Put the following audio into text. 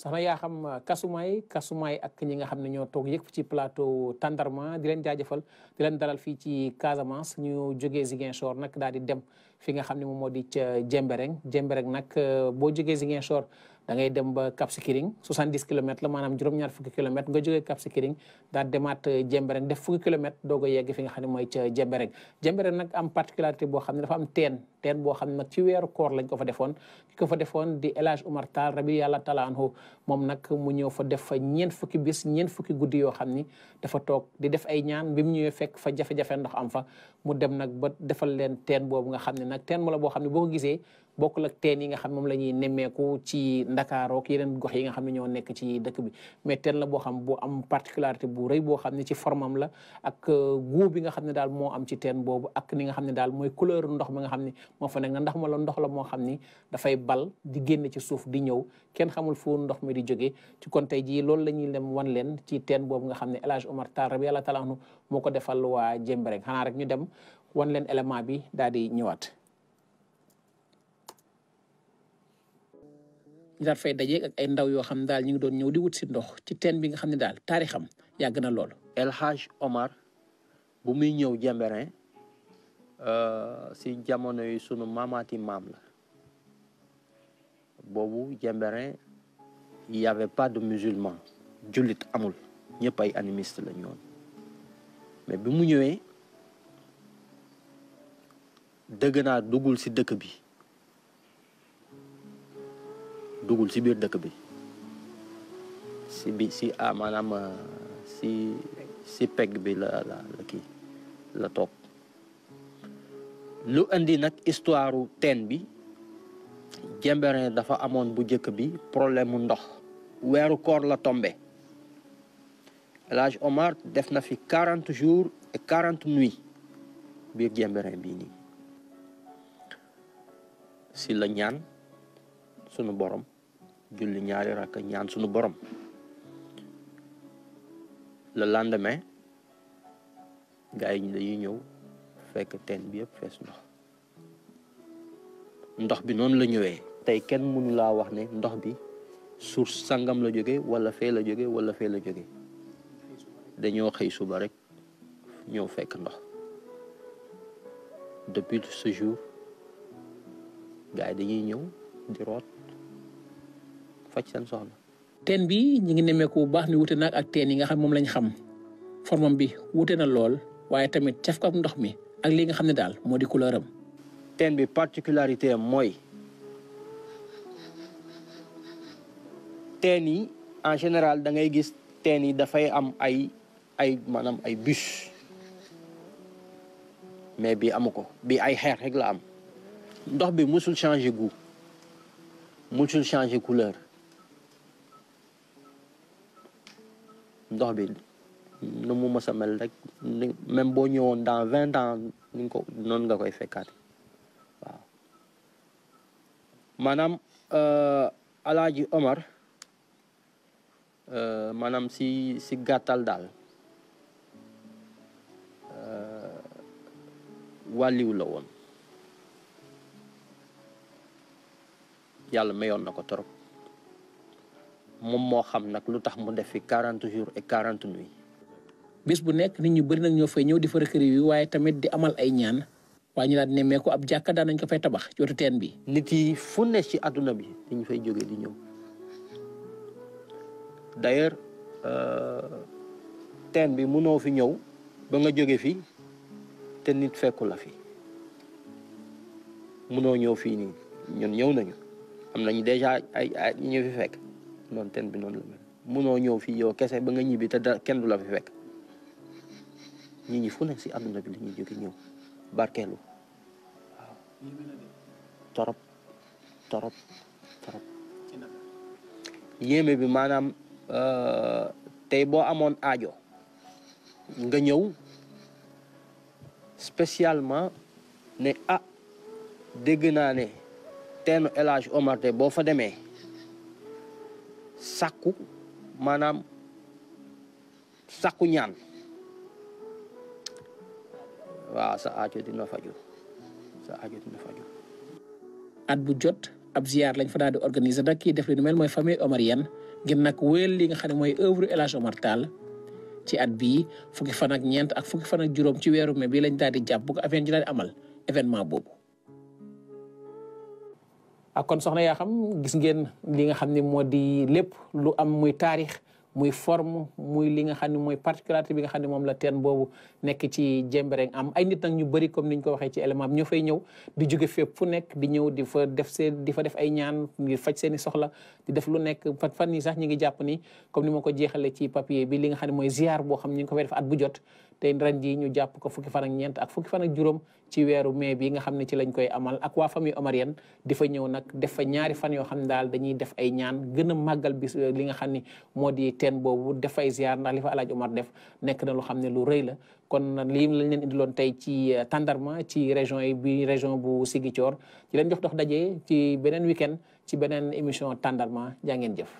sax na yaa xam euh, kasumaay kasumaay ak ñi nga xam ne ñoo toog yëpp ci plateau Tandarma di leen jaajëfal di leen dalal fii ci Casamance ñu jógee Ziguinchor nag daal di dem. fi nga xam mo moom di Jembereng Jembereng nak boo jógee Ziguinchor da ngay dem ba Cap Skirring 70 km la maanaam juróom-ñaar fukki km nga jógee Cap Skirring daal eh, Jembereng def fukki km doog a yegg fi nga xam ne mooy Jembereng Jembereng nak am particularité boo xam ne dafa am ten teen boo xam ne ci weeru koor lañ ko fa defoon ki ko fa defoon di El Hadj Oumar Tall rabi yàlla taala anhu moom nag mu ñëw fa def fa ñeent fukki bis ñeent fukki guddi yoo xam ni dafa toog di def ay ñaan bi mu ñëwee fa jafe-jafe ndox am fa mu dem nak ba defal leen teen boobu nga xam nag teen mu la boo xam ne boo ko gisee bokkul ak teen yi nga xam moom la ñuy nemmeeku ci Ndakaaru ak gox yi nga xam ne ñoo nekk ci dëkk bi mais teen la boo xam bu am particularité bu rëy boo xam ne ci formam la ak euh, goût bi nga xam ne daal moo am ci teen boobu ak ni nga xam ne daal mooy couleur ndox mi nga xam ne moo fa nekk na ndax ma la ndox la moo xam ni dafay bal di génn ci suuf di ñëw kenn xamul fu ndox mi di jóge ci kon tey jii loolu la ñuy dem wan leen ci teen boobu nga xam ne El Hadj Omar Tall rabi talaanu moo ko defal waa Jembereng xanaa rek ñu dem wan leen élément bi daal di ñëwaat ñu daal fay dajeeg ak ay ndaw yoo xam ne daal ñu ngi doon ñëw di wut si ndox ci teen bi nga xam ne daal taarixam yàgg na lool. El Hadj Omar bu muy ñëw Jemberin euh, si jamono yi sunu maamaati maam la boobu Jemberin y avait pas de musulman jullit amul ñëpp ay animiste la ñoon mais bi mu ñëwee dëgg naa duggul si dëkk bi. Dugul si biir dëkk bi si bi si ah maanaam si si peg bi la la la kii la toog lu indi nag histoire tenbi, bi dafa amoon bu njëkk bi problème mu ndox weeru koor la tombé El Hadj Omar def na fi 40 jours et quarante nuits biir Jembereñ bii nii si la ñaan sunu borom julli ñaari rakka ñaan sunu borom le lendemain gars yi dañuy ñëw fekk teen bi yëpp fees ndox ndox bi noonu la ñëwee tey kenn mënu laa wax ne ndox bi source sangam la jóge wala fee la jóge wala fee la jóge dañoo xëy suba rek ñëw fekk ndox depuis ce jour gars dañuy ñëw di root faj seen soxla. teen bi ñu ngi nemmeeku bu baax ni wute naag ak teen yi nga xam moom lañ xam formam bi wute na lool waaye tamit caf ndox mi ak li nga xam ne daal moo di couleur am. teen bi particularité am mooy teen yi en général da ngay gis teen yi dafay am ay ay maanaam ay bûche mais bi amu ko bi ay xeer rek la am ndox bi musul changer goût musul changer couleur. ndox bi nu mu mës a mel rek même boo ñëwoon dans vingt ans ni ko noonu nga koy fekkaat waaw maanaam euh, Alaaji Omar euh, maanaam si si gàttal daal euh, wàlliw la woon yàlla mayoon na ko trop moom moo xam nag lu tax mu def fi quarante jours et quarante nuits. bis bu nekk nit ñu bëri nag ñoo fay ñëw di fa rëkkëri yi waaye tamit di amal ay ñaan. waa ñu daan nemmeeku ab jàkka daan nañ ko fay tabax ci wetu teen bi. nit yi fu ne ci àdduna bi dañu fay jógee di ñëw d'ailleurs euh, teen bi mënoo fi ñëw ba nga jóge fi te nit fekku la fi mënoo ñëw fii nii ñun ñëw nañu am nañu déjà ay ñu fi fekk. noonu ten bi noonu la mel munoo ñëw fii yow kese ba nga ñibbi te da kenn du la fi fekk nit ñi fu ne si àdduna bi la ñuy jóge ñëw barkeelu waaw torop torop yéeme bi maanaam euh, tey boo amoon aajo nga ñëw spécialement ne ah dégg naa ne teenu El Hadj Omar de boo fa demee sàkku maanaam saku ñaan waaw sa aajo dina faju sa at bu jot ab ziar lañ fa daal di organiser nag kii def li mooy famille omarienne ngir nag wéyal li nga xam ne mooy œuvre El Hadj Omar ci at bi fukki fan ak ñeent ak fukki fan ak juróom ci weeru bi bii lañ daal di jàpp bu ko affaire ñu daal amal événement boobu ak soxna yaa xam gis ngeen li nga xam ne moo di lépp lu am muy taarix muy forme muy li nga xam ni mooy particularité bi nga xam ne moom la teen boobu nekk ci Jembereng am ay nit nag ñu bari comme ni ñu ko waxee ci élément bi ñoo fay ñëw di jóge fépp nekk di ñëw di fa def seen di def ay ñaan ngir faj seeni soxla di def lu nekk fan fan yi sax ñu ngi jàpp ni comme ni ma ko jeexale ci papier bi li nga xam ne mooy ziar boo xam ne ñu ngi ko fay def at bu jot te ren jii ñu jàpp ko fukki fan ak ñeent ak fukki fan juróom ci weeru mai bi nga xam ne ci lañ koy amal ak waa famille omarienne di fa ñëw nag def fa ñaari fan yoo xam ne daal dañuy def ay ñaan gën a màggal bis euh, li nga xam ne moo di teen boobu def ay ziar ndax li fa alaaj Omar def nekk na lu xam ne lu rëy la kon lii lañ leen indiloon tey ci euh, tàndarma ci région yi bi région bu Ziguinchor ci leen jox dox daje ci beneen week-end ci beneen émission tàndarma jaa ngeen jëf